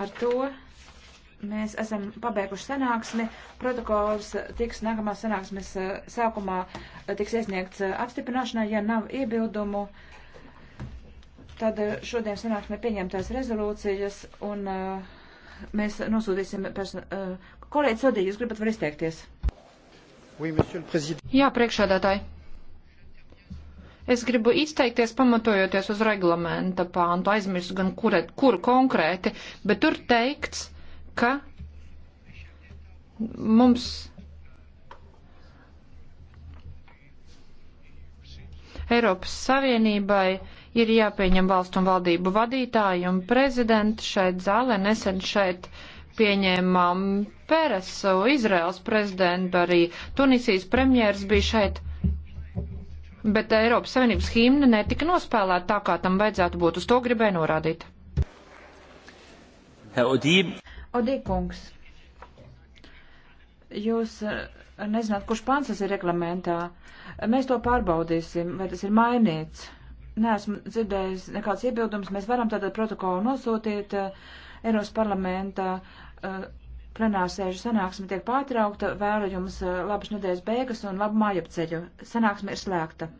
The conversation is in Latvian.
Ar to mēs esam pabeiguši sanāksmi. Protokols tiks nākamā sanāksmes eh, sākumā eh, tiks iesniegts eh, apstiprināšanai, ja nav iebildumu. Tad šodien sanāksmē pieņemtās rezolūcijas un uh, mēs nosūtīsim person... Uh, kolēģi Sodī, jūs gribat var izteikties? Oui, Jā, priekšādātāji. Es gribu izteikties pamatojoties uz reglamenta pāntu, aizmirstu gan kur, kur konkrēti, bet tur teikts, ka mums Eiropas Savienībai ir jāpieņem valstu un valdību vadītāji un prezidenti šeit zālē nesen šeit pieņēmām Peresu, Izraels prezidentu, arī Tunisijas premjeras bija šeit bet Eiropas Savienības himna netika nospēlēta tā, kā tam vajadzētu būt. Uz to gribēju norādīt. Odī. Odī kungs, jūs eh, nezināt, kurš pants tas ir reglamentā. Mēs to pārbaudīsim, vai tas ir mainīts. Neesmu dzirdējis nekāds iebildums. Mēs varam tātad protokolu nosūtīt eh, Eiropas parlamentā eh, plenārsēžu sanāksme tiek pārtraukta. Vēlu jums eh, labas nedēļas beigas un labu mājapceļu. Sanāksme ir slēgta.